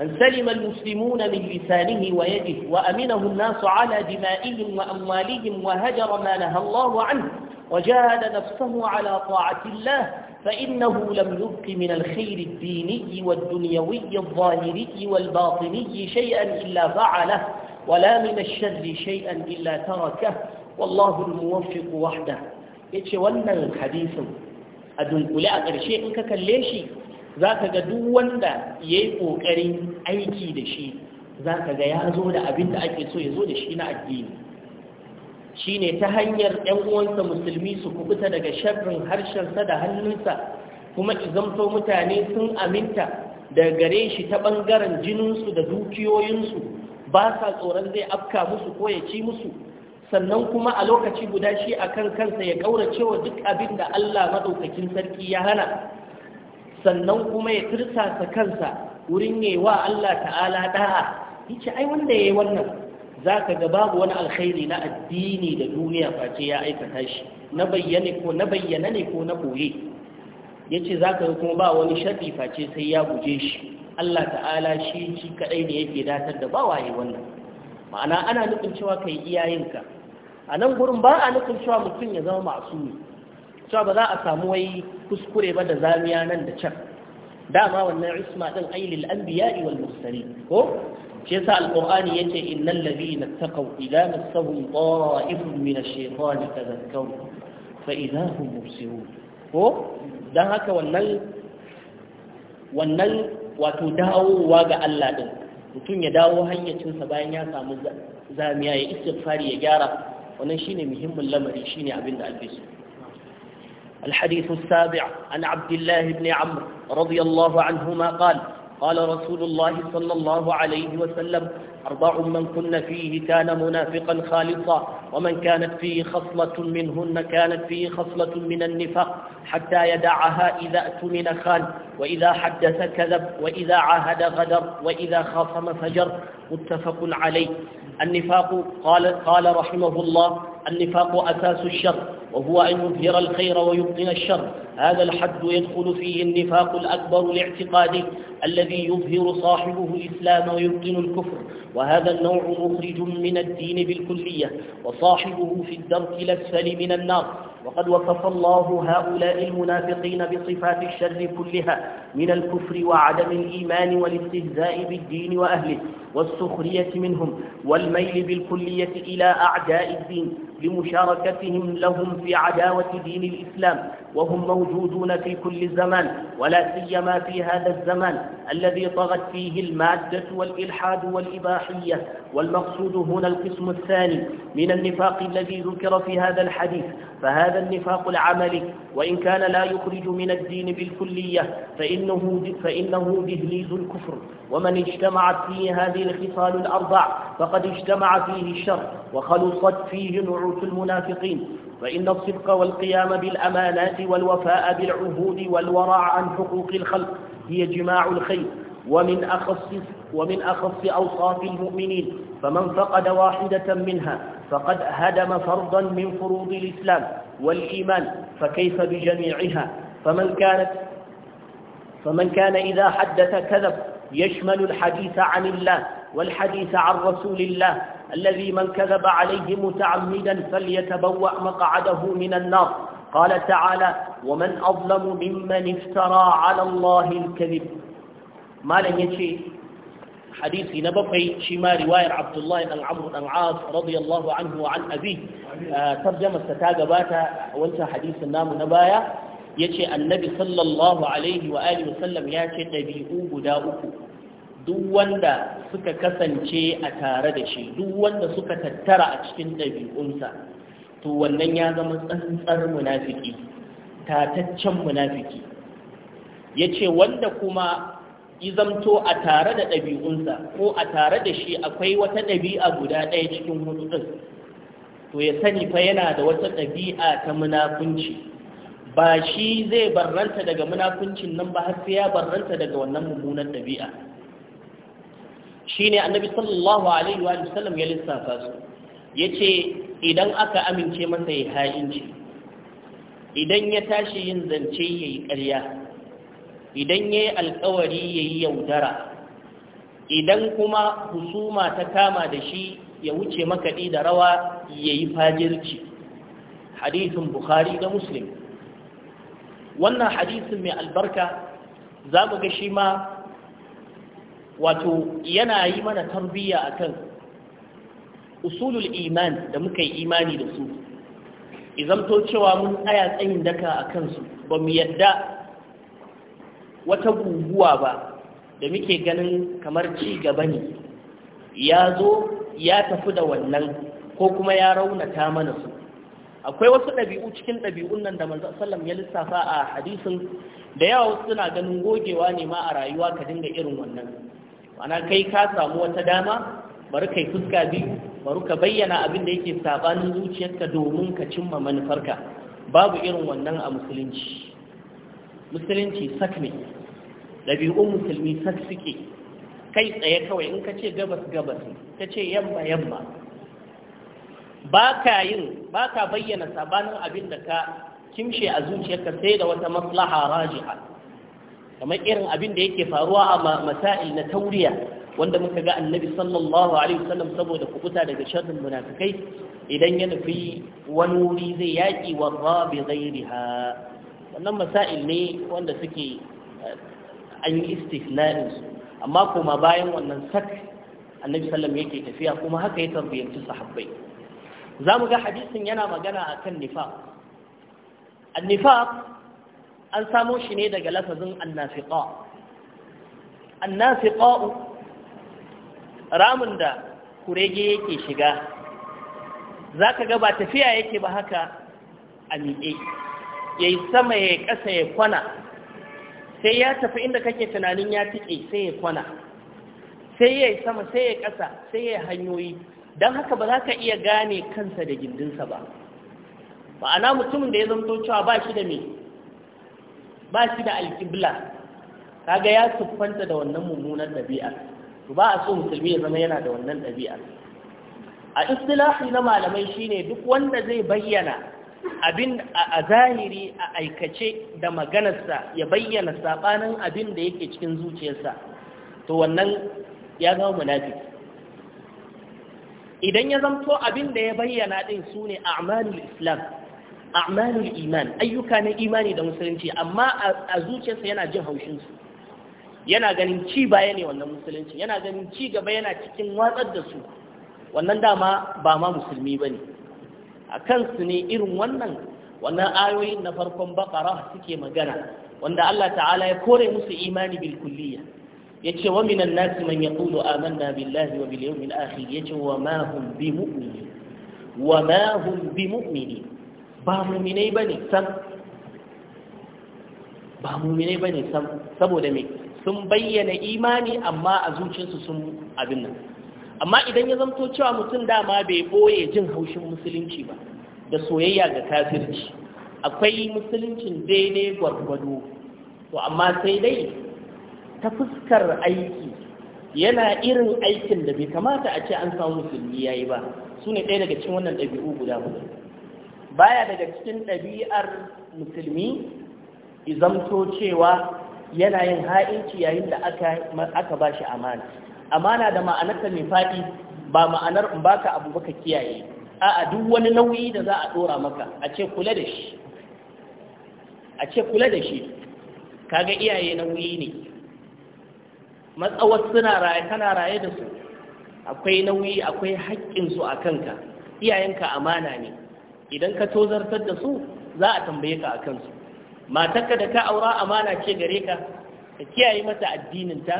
من سلم المسلمون من لسانه ويده وأمنه الناس على دمائهم وأموالهم وهجر ما نهى الله عنه وجاهد نفسه على طاعة الله فإنه لم يبق من الخير الديني والدنيوي الظاهري والباطني شيئا إلا فعله ولا من الشر شيئا إلا تركه والله الموفق وحده ya ce wannan hadisin a dunkule a ƙarshe in ka kalle shi za ka ga duk wanda ya yi ƙoƙarin aiki da shi za ka ga ya zo da abin da ake so ya zo da shi na addini shi ne ta hanyar ‘yan uwansa musulmi su kubuta daga shafin harshensa da hannunsa kuma izamto mutane sun aminta da gare shi ta ɓangaren jininsu da dukiyoyinsu ba sa tsoron zai afka musu ko ya ci musu sannan kuma a lokaci guda shi a kan kansa ya ƙaurace wa duk abin da Allah maɗaukakin sarki ya hana sannan kuma ya tursasa kansa wurin ne wa Allah ta'ala da'a yace ai wanda yayi wannan Za zaka ga babu wani alkhairi na addini da duniya face ya aikata shi na bayyane ko na bayyana ne ko na koye yace ka ga kuma ba wani sharri face sai ya guje shi Allah ta'ala shi shi kadai ne yake datar da ba waye wannan ma'ana ana nufin cewa kai iyayenka a nan gurin ba a nufin cewa mutum ya zama masu cewa ba za a samu wai kuskure ba da zamiya nan da can dama wannan isma din ailil anbiya'i wal mursalin ko shi yasa alqur'ani yace innal ladina taqaw idza massahum ta'ifun min ash-shaytani tadhakkaru fa idza hum mubsirun ko dan haka wannan wannan wato dawowa ga Allah din mutum ya dawo hayyacinsa bayan ya samu zamiya ya istighfari ya gyara wannan shine muhimmin lamari shine abin da ake so الحديث السابع عن عبد الله بن عمرو رضي الله عنهما قال قال رسول الله صلى الله عليه وسلم أربع من كن فيه كان منافقا خالصا ومن كانت فيه خصلة منهن كانت فيه خصلة من النفاق حتى يدعها إذا أتمن خان وإذا حدث كذب وإذا عاهد غدر وإذا خاصم فجر متفق عليه النفاق قال قال رحمه الله النفاق أساس الشر وهو أن يظهر الخير ويبطن الشر هذا الحد يدخل فيه النفاق الأكبر الاعتقادي الذي يظهر صاحبه الإسلام ويبطن الكفر وهذا النوع مخرج من الدين بالكلية وصاحبه في الدرك الأسفل من النار وقد وصف الله هؤلاء المنافقين بصفات الشر كلها من الكفر وعدم الإيمان والاستهزاء بالدين وأهله والسخرية منهم والميل بالكلية إلى أعداء الدين لمشاركتهم لهم في عداوة دين الإسلام وهم موجودون في كل زمان ولا سيما في هذا الزمان الذي طغت فيه المادة والإلحاد والإباحية والمقصود هنا القسم الثاني من النفاق الذي ذكر في هذا الحديث فهذا النفاق العملي وإن كان لا يخرج من الدين بالكلية فإنه, فإنه دهليز الكفر ومن اجتمعت فيه هذه الخصال الأربع فقد اجتمع فيه الشر وخلصت فيه نعوت المنافقين فإن الصدق والقيام بالأمانات والوفاء بالعهود والورع عن حقوق الخلق هي جماع الخير ومن أخص, ومن أخص أوصاف المؤمنين فمن فقد واحدة منها فقد هدم فرضا من فروض الإسلام والإيمان فكيف بجميعها فمن كانت فمن كان إذا حدث كذب يشمل الحديث عن الله والحديث عن رسول الله الذي من كذب عليه متعمدا فليتبوأ مقعده من النار قال تعالى ومن أظلم ممن افترى على الله الكذب ما لن يشيء حديثي نبقي شما رواية عبد الله بن عمرو بن عاص رضي الله عنه وعن أبيه آه، ترجمة ستاقباتا وانت حديث النام نبايا ya ce annabi sallallahu alaihi wa alihi wasallam ya ce ɗabi'u guda uku duk wanda suka kasance a tare da shi duk wanda suka tattara a cikin ɗabi'unsa to wannan ya zama tsantsar munafiki tataccen munafiki ya ce wanda kuma izamto a tare da ɗabi'unsa ko a tare da shi akwai wata ɗabi'a guda ɗaya cikin hudu ɗin to ya sani fa yana da wata ɗabi'a ta munafunci ba shi zai barranta daga munafuncin nan ba har sai ya barranta daga wannan mummunan dabi'a shine annabi sallallahu alaihi wa sallam ya lissafa su yace idan aka amince masa ya ha'inci idan ya tashi yin zance yayi karya. idan yayi alƙawari yayi yaudara idan kuma husuma ta kama da shi ya wuce makaɗi da rawa yayi fajirci hadithun bukhari da muslim wannan hadisin mai albarka za mu ga shi ma wato yana yi mana tarbiyya kan usulul iman da muka yi imani da su izamto cewa mun tsaya tsayin daka a kansu ba mu yadda wata guguwa ba da muke ganin kamar ci gaba ne ya zo ya tafi da wannan ko kuma ya raunata mana su akwai wasu ɗabi'u cikin ɗabi'un nan da manzo sallam ya lissafa a hadisin da yawa suna ganin gogewa ne ma a rayuwa ka dinga irin wannan ana kai ka samu wata dama bari kai fuska biyu bari ka bayyana abin da yake sabanin zuciyarka domin ka cimma manufarka babu irin wannan a musulunci musulunci sak ne ɗabi'un musulmi sak suke kai tsaye kawai in ka ce gabas gabas ka ce yamma yamma ba ka yin ba ka bayyana sabanin abin da ka kimshe a zuciyarka sai da wata maslaha rajiha kamar irin abin da yake faruwa a masail na tauriya wanda muka ga annabi sallallahu alaihi wasallam saboda kubuta daga sharrin munafikai idan ya nufi wani wuri zai yaki wa rabi ghairiha wannan masail ne wanda suke eh, an yi istisna'in su amma kuma bayan wannan sak annabi sallam yake tafiya kuma haka ya tarbiyyanci sahabbai za mu ga hadisin yana magana a kan A annifaq an samo shi ne daga lafazin annafiqa annafiqa ramin da kurege yake shiga za ka ga ba tafiya yake ba haka a miƙe ya yi sama ya yi ƙasa ya kwana sai ya tafi inda kake tunanin ya tiƙe sai ya kwana sai ya yi sama sai ya ƙasa sai ya hanyoyi don haka ba za ka iya gane kansa da gindinsa ba ma'ana mutumin da ya zamto cewa ba shi da me ba shi da alkibla kaga ya siffanta da wannan mummunan ɗabi'a ba a so musulmi ya zama yana da wannan ɗabi'a a istilahi na malamai shine duk wanda zai bayyana abin a zahiri a aikace da maganarsa ya bayyana saɓanin abin da yake cikin zuciyarsa to wannan ya zama munafiki idan ya zamto abin da ya bayyana din su ne a'malul islam a'malul iman ayyuka na imani da musulunci amma a zuciyarsa yana jin haushinsu, yana ganin ci baya ne wannan musulunci yana ganin ci gaba yana cikin watsar da su wannan dama ba ma musulmi bane a kansu ne irin wannan wannan ayoyin na farkon bakara suke magana wanda Allah ta'ala ya kore musu imani bil yace wa minan nasi man yaqulu amanna billahi wa bil yawmil Ya yace wa ma hum bi mu'mini wa ma hum bi mu'mini ba mu'minai ne sam ba mu'minai ne sam saboda me sun bayyana imani amma a zuciyarsu sun abin nan amma idan ya zamto cewa mutum dama bai boye jin haushin musulunci ba da soyayya ga kafirci akwai musuluncin daidai gwargwado to amma sai dai ta fuskar aiki yana irin aikin da bai kamata a ce an samu musulmi ya yi ba su ne ɗaya daga cikin wannan ɗabi'u guda hudu baya daga cikin ɗabi'ar musulmi izamto cewa yana yin ha'inci yayin da aka ba shi amana amana da ma'anarta mai faɗi ba ma'anar in baka abu baka kiyaye a duk wani nauyi da za a ɗora maka a ce kula da shi a ce kula da shi kaga iyaye nauyi ne matsawar suna raye kana raye da su akwai nauyi akwai su a kanka iyayenka amana ne idan ka tozartar da su za a tambaye ka a kansu matarka da ka aura amana ce gare ka ka kiyaye mata addininta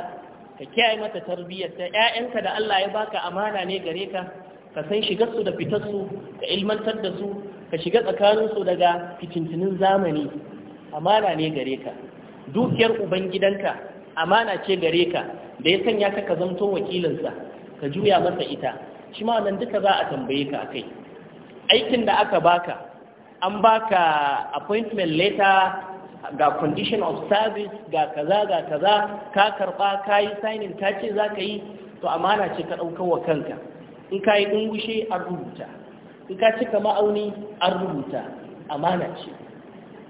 ka kiyaye mata tarbiyyarta ƴaƴanka da Allah ya baka amana ne gare ka ka san shigarsu da fitarsu ka ilmantar da su ka shiga tsakaninsu daga fitintunin zamani amana ne gare ka dukiyar ubangidanka amana ce gare ka da ya sanya ka ka zamto wakilinsa ka juya masa ita shi ma nan duka za a tambaye ka kai aikin da aka baka an baka appointment letter ga condition of service ga kaza ga kaza ka karba ka yi signing ka ce za ka yi to amana ce ka ɗaukar wa kanka in ka yi ɗungushe an rubuta in ka cika ma'auni an rubuta amana ce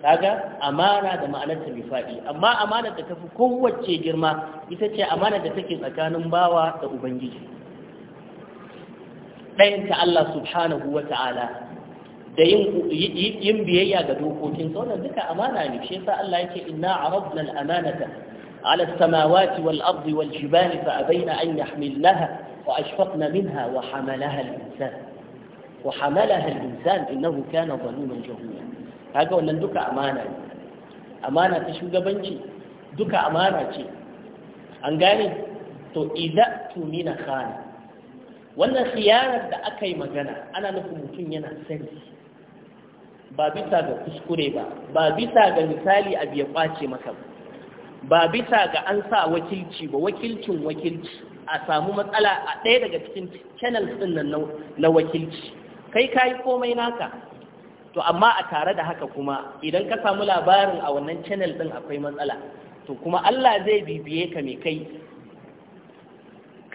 kaga amana da ma'anar ta faɗi amma amana da tafi kowace girma ita ce amana da take tsakanin bawa da ubangiji ta Allah subhanahu wata'ala da yin yin biyayya ga dokokin sa wannan duka amana ne shi yasa Allah yake inna aradna al-amanata ala as-samawati wal-ardi wal-jibali fa abaina an yahmilnaha wa ashfaqna minha wa hamalaha al-insan wa hamalaha al-insan innahu kana zaluman jahula kaga wannan duka amana ne amana ta shugabanci duka amana ce an gane to idza tumina khana wannan khiyarar da aka yi magana ana nufin mutum yana sani ba bisa ga kuskure ba ba bisa ga misali abu ya kwace maka ba bisa ga an sa wakilci ba wakilcin wakilci a samu matsala a ɗaya daga cikin channels ɗin nan na wakilci kai kayi komai naka to amma a tare da haka kuma idan ka samu labarin a wannan channel din akwai matsala to kuma Allah zai bibiye ka mai kai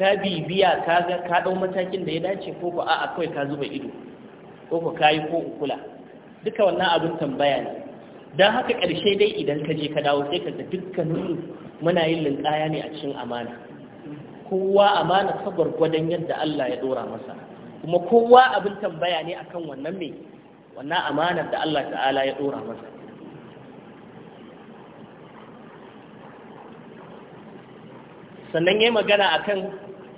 ka bibiya ka ga ka dau matakin da ya dace ko ko a'a kai ka zuba ido ko ko kai ko kula duka wannan abin tambaya ne dan haka karshe dai idan ka je ka dawo sai ka ga dukkanin muna yin linkaya ne a cikin amana kowa amana sabar gwadon yadda Allah ya dora masa kuma kowa abin tambaya ne akan wannan mai wannan amanar da Allah ta'ala ya ɗora masa sannan ya yi magana a kan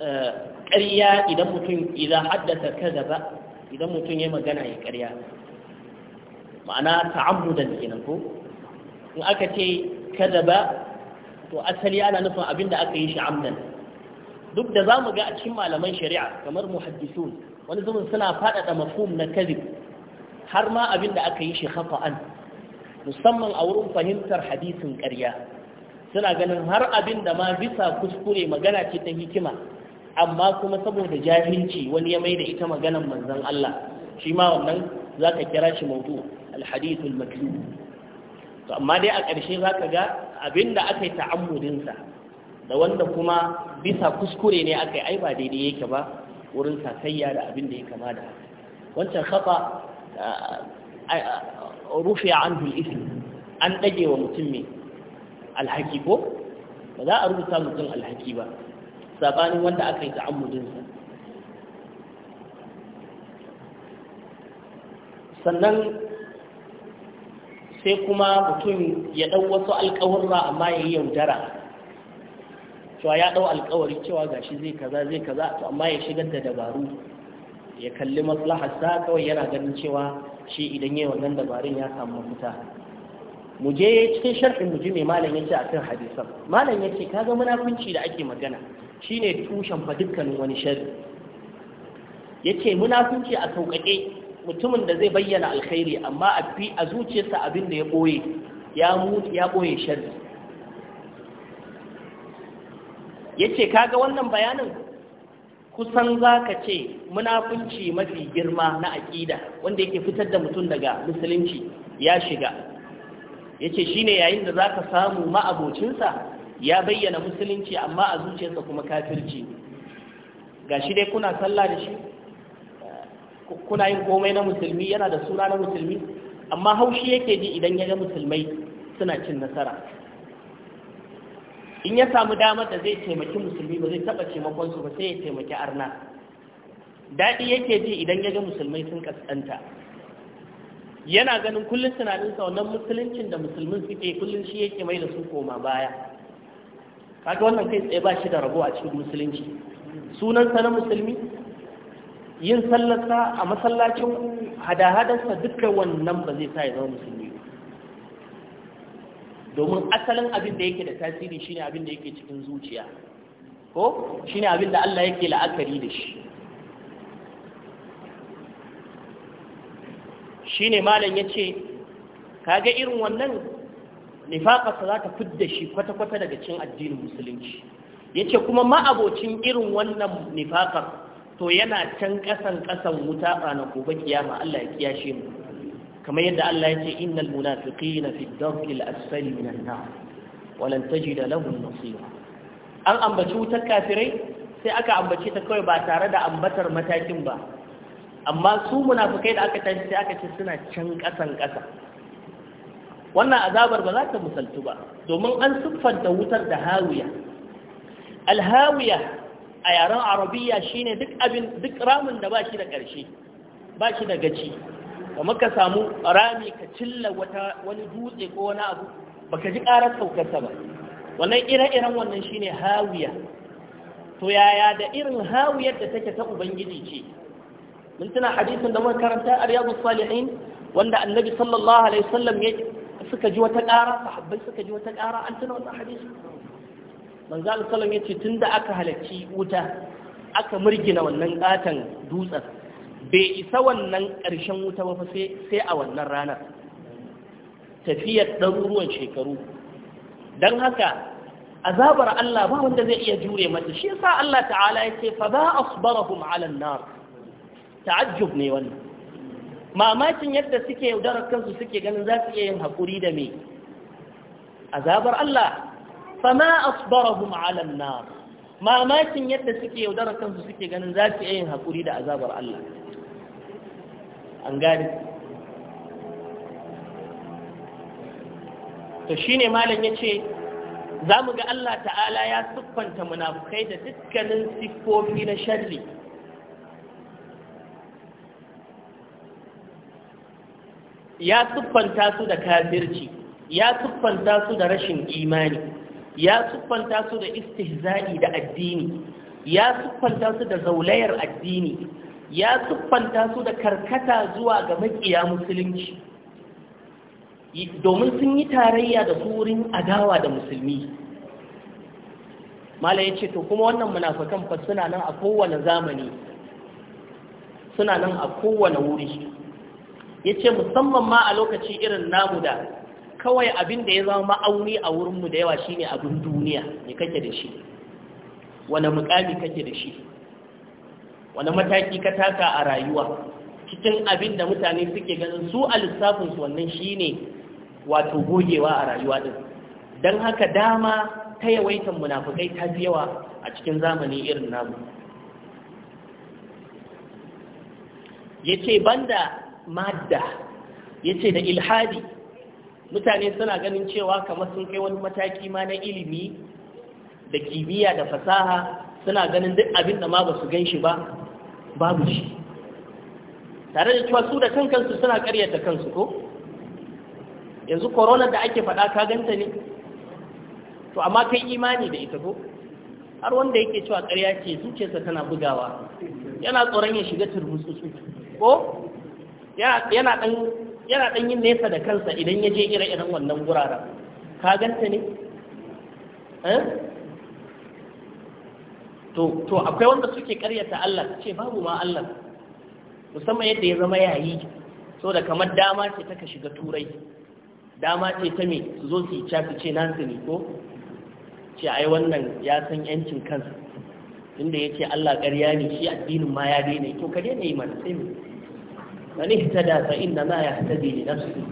eh, ƙarya idan mutum idan haddasa kada ba idan mutum ya magana ya ƙarya ma'ana ta'ammudan kenan ko in aka ce kada ba to asali ana nufin abin da aka yi shi amdan duk da za mu ga a cikin malaman shari'a kamar muhaddisun wani zumin suna faɗaɗa mafhum na kazib har ma abin da aka yi shi hafa'an musamman a wurin fahimtar hadisin ƙarya suna ganin har abin da ma bisa kuskure magana ce ta hikima amma kuma saboda jahilci wani ya mai da ita maganan manzan Allah shi ma wannan za ka kira shi mautu alhadithul maklu to amma dai a ƙarshe za ka ga abin da aka yi ta'ammudinsa da wanda kuma bisa kuskure ne aka yi ai ba daidai yake ba wurin sasayya da abin da ya kama da wancan kafa rufe a al-ithm an dage wa mutum mai, alhaki ko ba za a rubuta mutum alhaki ba sabanin wanda aka yi ta'ammudinsa sannan sai kuma mutum ya ɗau wasu alƙawarra amma ya yi yaudara cewa ya ɗau alƙawarin cewa gashi zai kaza zai kaza to amma ya shigar da dabaru ya kalli maslaharsa kawai yana ganin cewa shi idan yi wannan dabarun ya samu mafita mu je cikin sharhin mu ji mai malam yace akan hadisan malam yace kaga munafunci da ake magana shine tushen fa dukkanin wani sharri yace munafunci a sauƙaƙe mutumin da zai bayyana alkhairi amma a fi a zuciyarsa abin da ya boye ya mutu ya boye sharri yace kaga wannan bayanin kusan za ka ce munafunci mafi girma na aƙida wanda yake fitar da mutum daga musulunci ya shiga ya ce shi ne yayin da za ka samu ma'abocinsa ya bayyana musulunci amma a zuciyarsa kuma kafirci ga shi dai kuna sallah da shi kuna yin komai na musulmi yana da suna na musulmi amma haushi yake ji idan ya ga musulmai suna cin nasara in ya samu damar da zai taimaki musulmi ba zai taɓa taimakonsu ba sai ya taimaki arna daɗi yake ji idan ya ga musulmai sun kaskanta yana ganin kullum sinadinsa wannan musuluncin da musulmin suke kullum shi yake mai da su koma baya kaga wannan kai tsaye ba shi da rabo a cikin musulunci sunansa na musulmi yin sallarsa a masallacin hada-hadarsa dukkan wannan ba zai sa ya zama musulmi domin asalin abin da yake da tasiri shine abin da yake cikin zuciya ko shine abin da Allah yake la'akari da shi shine malam yace kaga irin wannan ka za ta fidda shi kwata-kwata daga cikin addinin musulunci yace kuma ma'abocin irin wannan nifaka to yana can kasan kasan wuta ranar gobe kiyama Allah ya kiyashe mu kamar yadda Allah ya ce innal munafiqina fi dawkil asfali minan nar walan tajid lahum nasira an ambaci wutar kafirai sai aka ambaci ta kawai ba tare da ambatar matakin ba amma su munafikai da aka tashi sai aka ce suna can kasan kasa wannan azabar ba za ta musaltu ba domin an siffanta wutar da hawiya alhawiya a yaren arabiya shine duk abin ramin da ba shi da karshe ba shi da gaci kamar ka samu rami ka cilla wata wani dutse ko wani abu baka ji ƙarar saukarsa ba wannan ire-iren wannan shine hawiya to yaya da irin hawiyar da take ta ubangiji ce mun tuna hadisin da muka karanta a riyadu salihin wanda annabi sallallahu alaihi wasallam ya suka ji wata ƙara sahabbai suka ji wata ƙara an tuna wannan hadisi manzo Allah sallallahu alaihi wasallam ya ce tunda aka halacci wuta aka murgina wannan katan dutsen bai isa wannan ƙarshen wuta ba sai a wannan ranar tafiyar ɗaruruwan shekaru don haka azabar Allah ba wanda zai iya jure mata shi sa Allah ta'ala ya ce fa za ba asbarahum ala nar ta'ajjub ne wannan mamakin yadda suke yaudarar kansu suke ganin za su iya yin haƙuri da me azabar Allah fa ma asbarahum ala nar mamakin yadda suke yaudarar kansu suke ganin za su iya yin haƙuri da azabar Allah an gane to shine malam yace za mu ga Allah ta'ala ya siffanta munafukai da dukkanin siffofi na sharri ya siffanta su da kafirci ya siffanta su da rashin imani ya siffanta su da istihza'i da addini ya siffanta su da zaulayar addini ya siffanta su da karkata zuwa ga makiya musulunci domin sun yi tarayya da su adawa da musulmi mala ya ce to kuma wannan munafakan fa suna nan a kowane zamani suna nan a kowane wuri ya ce musamman ma a lokaci irin namu da kawai abin da ya zama ma'auni a wurinmu da yawa shine abin duniya ne kake da shi wane mukami kake da shi wani mataki ka taka a rayuwa cikin abin da mutane suke ganin su a lissafinsu wannan shi ne wato gogewa a rayuwa din don haka dama ta yawaitan munafukai ta fi yawa a cikin zamani irin namu ya ce banda madda ya ce da ilhadi mutane suna ganin cewa kamar sun kai wani mataki ma na ilimi da kimiyya da fasaha suna ganin duk abin da ma ba su gan shi ba babu shi tare da cewa su da kan kansu suna karyata kansu ko yanzu corona da ake faɗa ka ganta ne to amma kai imani da ita ko har wanda yake cewa karya ce zuciyarsa tana bugawa yana tsoron ya shiga su ko yana ɗan yin nesa da kansa idan ya je ire-iren wannan guraren ka ganta ne? Eh? to to akwai wanda suke karyata Allah ce babu ma Allah musamman yadda ya zama yayi so da kamar dama ce ta ka shiga turai dama ce ta me su zo su yi su ce nan su ne ko ce ai wannan ya san yancin kansa inda ya ce Allah ƙarya ne shi addinin ma ya daina to ka daina yi mana sai mu mani ihtada fa inna ma yahtadi li nafsi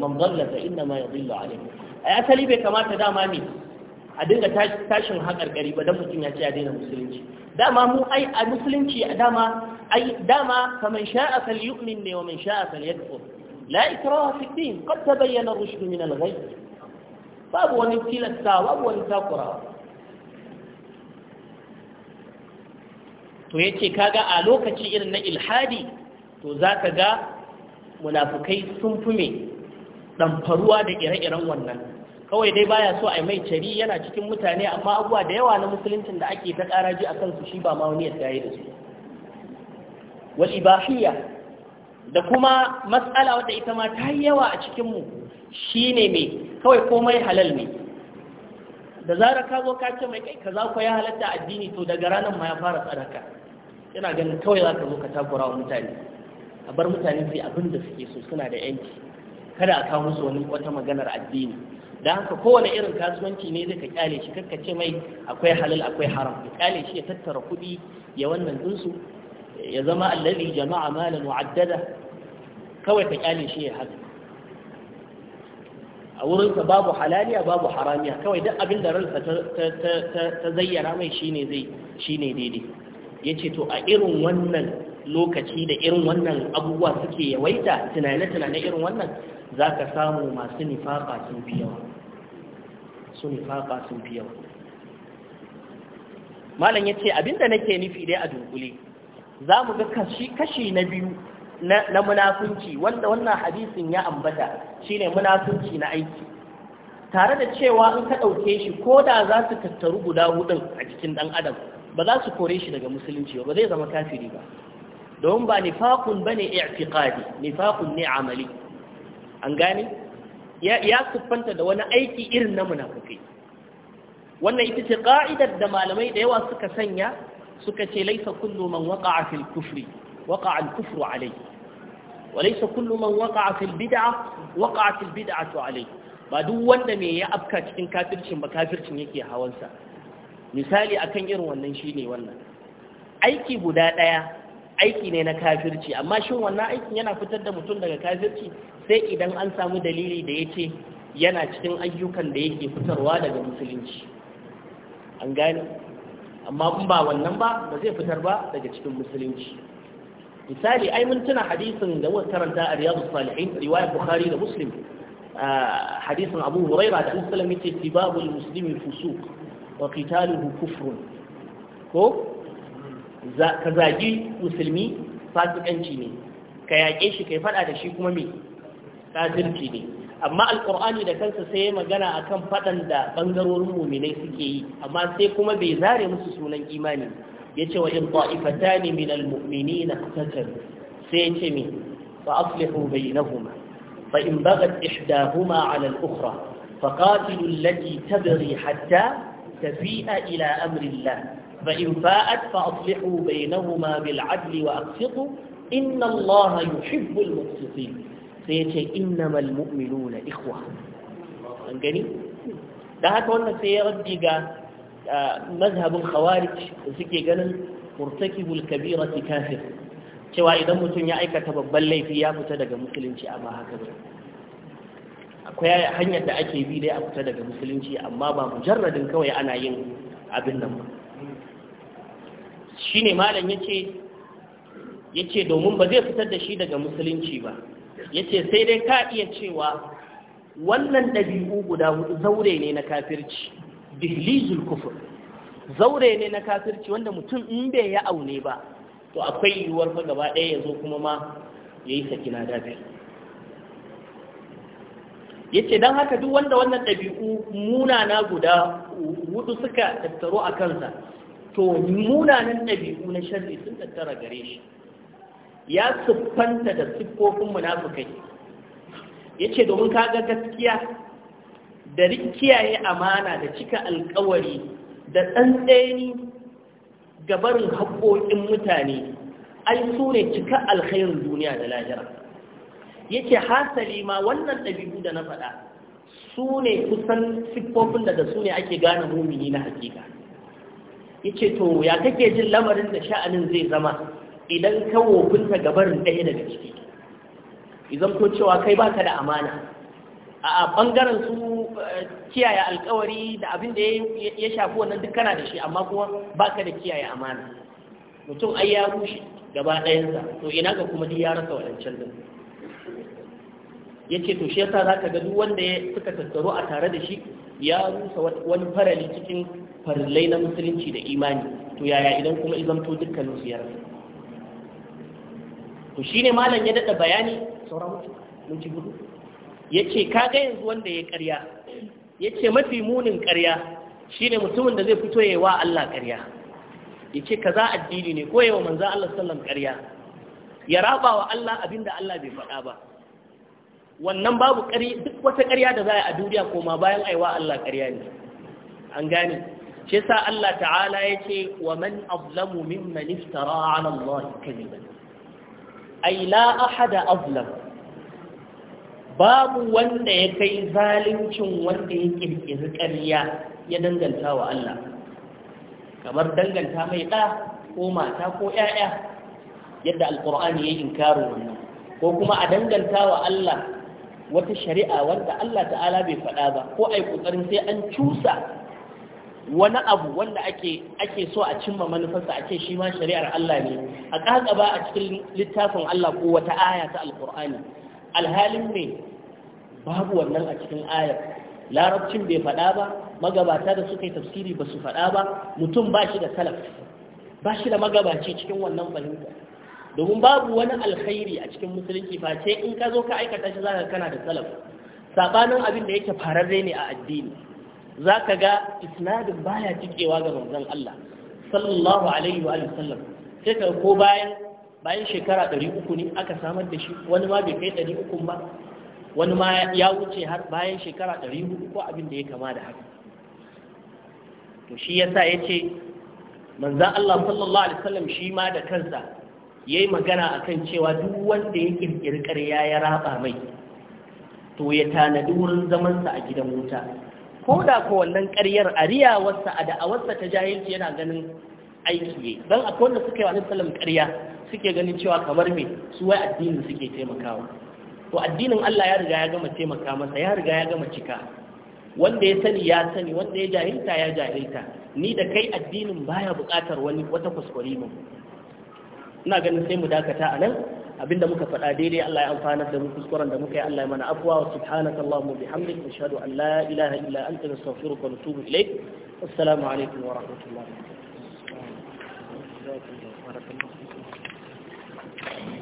man dhalla fa inna ma yadhillu alayhi A asali bai kamata dama ne a dinga tashin haƙarƙari ba don mutum ya ce a daina musulunci dama mu ai a musulunci a dama ai dama kaman sha'a fal yu'min ne wa man sha'a fal yakfur la ikraha fi din qad tabayyana rushd min al-ghayb babu wani tilasta babu wani takurawa to ya yace kaga a lokaci irin na ilhadi to za ka ga munafukai sun fi fume ɗamfaruwa da ire-iren wannan kawai dai baya so a mai cari yana cikin mutane amma abuwa da yawa na musuluncin da ake ta karaji a kansu shi ba ma wani yadda ya da su wal ibahiyya da kuma matsala wadda ita ma ta yawa a cikinmu shi ne mai kawai komai halal ne da zarar ka zo ka mai kai ka za ku ya halatta addini to daga ranar ma ya fara tsaraka yana ganin kawai za ka zo ka takura wa mutane a bar mutane su abin da suke so suna da yanki kada a kawo musu wani wata maganar addini da haka kowane irin kasuwanci ne zai ka kyale shi kakkace mai akwai halal akwai haram Ya kyale shi ya tattara kuɗi ya wannan dinsu ya zama allazi jama'a malan wa'addada kawai ka kyale shi ya haka a wurin sa babu halaliya babu haramiya kawai duk abin da ransa ta zayyana mai shine zai shine daidai yace to a irin wannan lokaci da irin wannan abubuwa suke yawaita tunane-tunane irin wannan za ka samu masu nifaƙa sun fi yawa masu sun fi yawa malam ya ce abinda nake nufi dai a dunkule za mu ga kashi na biyu na munafunci wanda wannan hadisin ya ambata shine munafunci na aiki tare da cewa in ka ɗauke shi ko da za su tattaru guda hudun a jikin ɗan adam ba za su kore shi daga musulunci ba zai zama kafiri ba domin ba nifakun ba ne i'tiqadi nifakun ne amali an gane ya siffanta da wani aiki irin na munafukai wannan ita ce ka'idar da malamai da yawa suka sanya suka ce laisa kullu man waqa'a fil kufri waqa'a al kufru alayhi wa laisa kullu man waqa'a fil bid'a waqa'a al bid'atu alayhi ba duk wanda me ya afka cikin kafircin ba kafircin yake hawansa misali akan irin wannan shine wannan aiki guda daya aiki ne na kafirci amma shin wannan aikin yana fitar da mutum daga kafirci sai idan an samu dalili da ya ce yana cikin ayyukan da yake fitarwa daga musulunci an gane amma kun ba wannan ba ba zai fitar ba daga cikin musulunci misali ai mun tuna hadisin da muka karanta a riyadu salihin riwayar bukhari da muslim hadisin abu huraira da musulmi yace tibabul muslimi fusuq wa qitaluhu kufrun ko ka zagi musulmi fasikanci ne ka yaƙe shi kai faɗa da shi kuma mai kafirci ne amma alƙur'ani da kansa sai magana akan faɗan da ɓangarorin muminai suke yi amma sai kuma bai zare musu sunan imani ya ce wa in ne min almu'minina qatatalu sai ya ce me fa aslihu bainahuma فإن بغت إحداهما على الأخرى فقاتلوا التي تبغي حتى تفيء إلى أمر الله فإن فاءت فأصلحوا بينهما بالعدل وأقسطوا إن الله يحب المقسطين سيتي إنما المؤمنون إخوة أنجني ده هتقولنا سيردي مذهب الخوارج suke ganin murtakibul kabira kafir cewa idan mutum ya aikata babban laifi ya fita daga musulunci amma haka ba akwai hanyar da ake bi dai a fita daga musulunci amma ba mujarradin kawai ana yin abin nan ba ne malam ya ce domin ba zai fitar da shi daga musulunci ba Ya ce sai dai ka iya cewa wannan ɗabi'u guda hudu zaure ne na kafirci dihlizul kufur zaure ne na kafirci wanda mutum in bai ya aune ba to akwai yiwuwar fa gaba ɗaya ya zo kuma ma ya yi sakina dafi ya ce don haka duk wanda wannan ɗabi'u munana guda hudu suka tattaro a kansa to munanan ɗabi'u na sharri sun tattara gare shi ya siffanta da siffofin munafukai ya ce domin kaga gaskiya da rikiyaye amana da cika alkawari da tsantseni gabarin haƙoƙin mutane ai su ne cika alkhairin duniya da lahira Ya ce hasali ma wannan ɗabi'u da na faɗa su ne kusan siffofin da da su ne ake gane mumini na hakika yace to ya kake jin lamarin da sha'anin zai zama idan ka wofinta gabarin ɗaya daga ciki idan ko cewa kai baka da amana a bangaren su eh, kiyaye alkawari da abin da ya shafi wannan duk kana da shi amma kuma baka da kiyaye amana mutum ai ya rushe gaba ɗayansa to ina ga kuma duk ya rasa wadancan din ya ce to shi yasa za ka ga duk wanda suka tattaro a tare da shi ya rusa wani farali cikin farillai na musulunci da imani to yaya idan kuma izamto dukkanin su yarda to shine malam ya dada bayani sauran ci gudu yace kaga yanzu wanda ya ƙarya yace mafi munin ƙarya shine mutumin da zai fito yayi wa Allah ƙarya yace kaza addini ne ko yawa manzo Allah sallallahu alaihi wasallam ƙarya ya raba wa Allah abinda Allah bai faɗa ba wannan babu ƙari duk wata ƙarya da za a duniya koma bayan aiwa Allah ƙarya ne an gane shi Allah ta'ala yace wa man azlamu mimman iftara 'ala Allah kaliban. ay la ahada azlam babu wanda ya kai zalincin wanda ya kirkiri ƙarya ya danganta wa Allah kamar danganta mai ɗa ko mata ko ƴaƴa yadda alqur'ani ya inkarin wannan ko kuma a danganta wa Allah wata shari'a wanda Allah ta'ala bai faɗa ba ko ai kokarin sai an cusa wani abu wanda ake so a cimma manufarsa ake shi ma shari'ar Allah ne a ba a cikin littafin Allah ko wata aya ta alkur'ani alhalin ne babu wannan a cikin ayar larabcin bai faɗa ba magabata da suka yi tafsiri ba su faɗa ba mutum ba shi da salaf ba shi da magabaci cikin wannan fahimta domin babu wani alkhairi a cikin musulunci face in ka zo ka aikata shi za ka kana da salaf Saɓanin abin da yake fararre ne a addini za ka ga isnadin baya cikewa ga manzon Allah sallallahu alaihi wa sallam sai ka ko bayan bayan shekara 300 ne aka samar da shi wani ma bai kai 300 ba wani ma ya wuce har bayan shekara 300 ko abin da ya kama da haka to shi yasa yace manzon Allah sallallahu alaihi wasallam shi ma da kansa yayi magana akan cewa duk wanda ya kirkirkar ya ya raba mai to ya tanadi wurin zamansa a gidan wuta ko da ko wannan ƙaryar a da a da'awarsa ta jahilci yana ganin aiki ne don a wanda suka yi wa sallam ƙarya suke ganin cewa kamar mai su wai addinin suke taimakawa to addinin Allah ya riga ya gama taimaka masa ya riga ya gama cika wanda ya sani ya sani wanda ya jahilta ya jahilta ni da kai addinin baya buƙatar wani wata kuskure mu ina ganin sai mu dakata anan. abinda muka faɗa daidai Allah ya amfana da mu kuskuren da muka yi Allah ya mana afwa wa subhanaka allahumma bihamdik nashhadu an la ilaha illa anta nastaghfiruka wa natubu ilaik assalamu alaikum wa rahmatullahi wa barakatuh